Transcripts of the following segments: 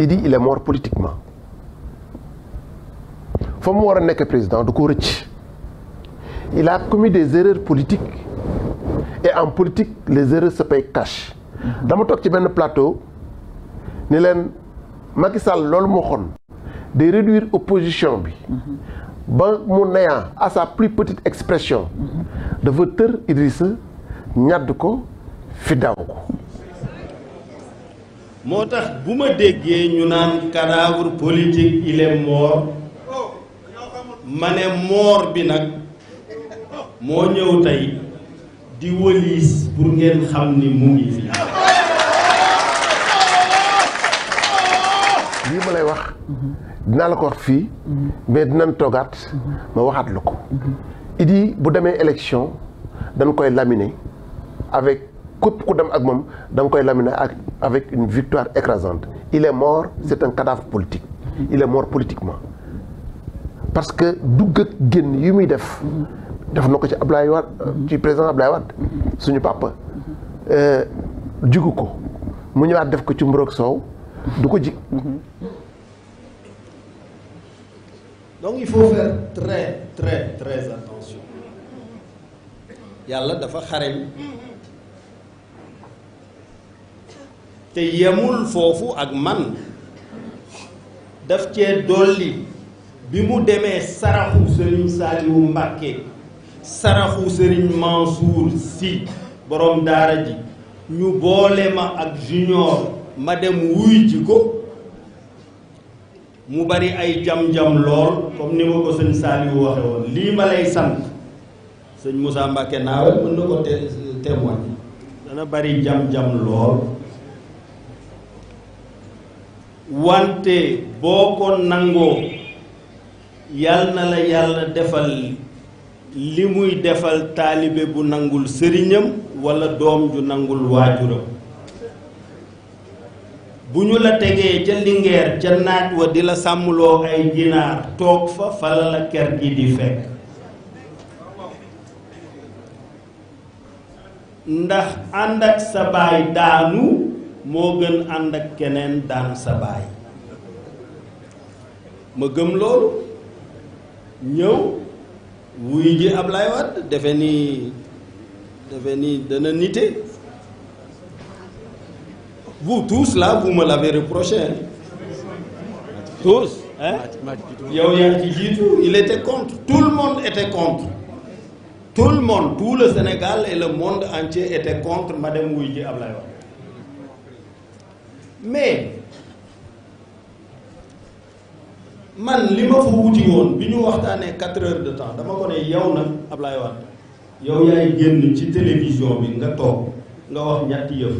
il dit il est mort politiquement fa faut nek président du Kourich. il a commis des erreurs politiques et en politique les erreurs se payent cash dama toog ci benn plateau ni leen Macky Sall loolu moo de réduire opposition bi ba mu à sa plus petite expression De voteur Idrissa ñàdd ko fi ko moo tax bu ma déggee ñu naan cadavre politique il est ma ne mort bi nag moo ñëw tey di wëliis pour ngeen xam ni mu ngi fi. lii ma lay wax dinaa la ko wax fii mais dinañ toogaat ma waxaat la ko Idi bu demee élection dañ koy laminer avec képp ku dem ak avec une victoire écrasante il est mort c'est un cadavre politique il est mort politiquement parce que dugg ak Yumidef yu def def na ci Ablaye Wade ci président Ablaye Wade suñu papa euh, jigu ko mu ñëwaat def ko ci mburoog soow du ko donc il faut faire très très très attention Il y yàlla dafa xareñ te yemul foofu ak man def cee dolli bi mu demee saraxu sëriñ wu Mbacké saraxu sëriñ Mansour Sy borom daara ji ñu boole ma ak junior ma dem wuy ji ko mu bari ay jam-jam lool comme ni ma ko sëñ Saliou waxe lii ma lay sant sëñ Moussa Mbacké naawel mën na ko témoin dana bari jam-jam lool wante boo ko nangoo yal na la yàlla defal li muy defal taalibe bu nangul sëriñam walla doom ju nangul waajuram bu ñu la tegee ca lingeer ca naaj wa di la sàmmloo ay ginaar toog fa fala la ker gi di fekk ndax ànd ak sa baay daanu Morgan and dans sa baay ma suis venu ñëw wuy ji Ablaye vous tous là vous me l'avez reproché hein. tous hein il était contre tout le monde était contre tout le monde tout le Sénégal et le monde entier était contre madame wuy Ablaïwa. mais man li ma fa wuti woon bi ñu waxtaanee quatre heures de temps dama ko ne yow nag na Wade yow yaay génn ci télévision bi nga toog nga wax ñetti yëf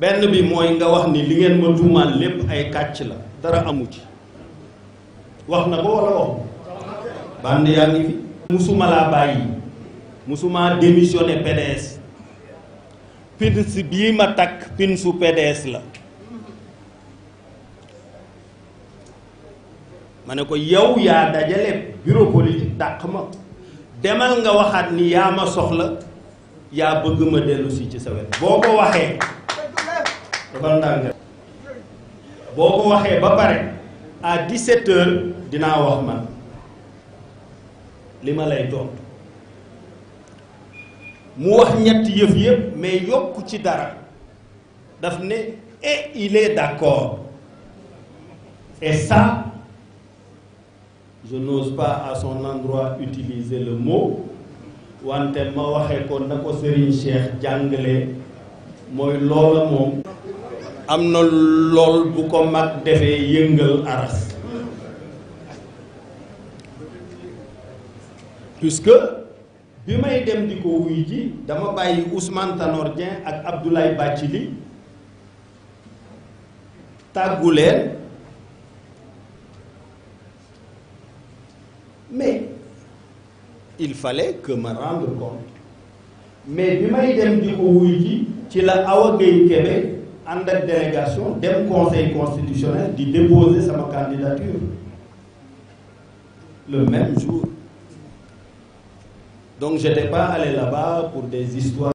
benn bi mooy nga wax ni li ngeen ma tuumaal lépp ay kàcc la dara amu ci wax na ko wala wax band yaa ngi fi musuma laa bàyyi musuma démissionné PDS pin si bii ma takk pin su PDS la ma ne ko yow yaa dajale bureau politique dàq ma demal nga waxaat ni yaa ma soxla yaa bëgg ma dellu ci sa boo ko waxee dafal ndànk boo ko waxee ba pare à 17 dinaa wax man li ma lay tontu mu wax ñetti yëf yëpp mais yokku ci dara et il est d'accord et ça je n'ose pas à son endroit utiliser le mot wante ma waxee ko na Serigne Cheikh jàngale mooy loola moom am lool bu ko mag yëngal aras puisque bi may dem di ko wuy dama Ousmane Tanordien et ak Abdoulaye Bachili, tàggu leen mais il fallait que me rendre compte mais bi may dem di ko wuy ji ci la Awa en ànd délégation dem conseil constitutionnel di déposer sa candidature le même jour donc je n'étais pas allé là-bas pour des histoires.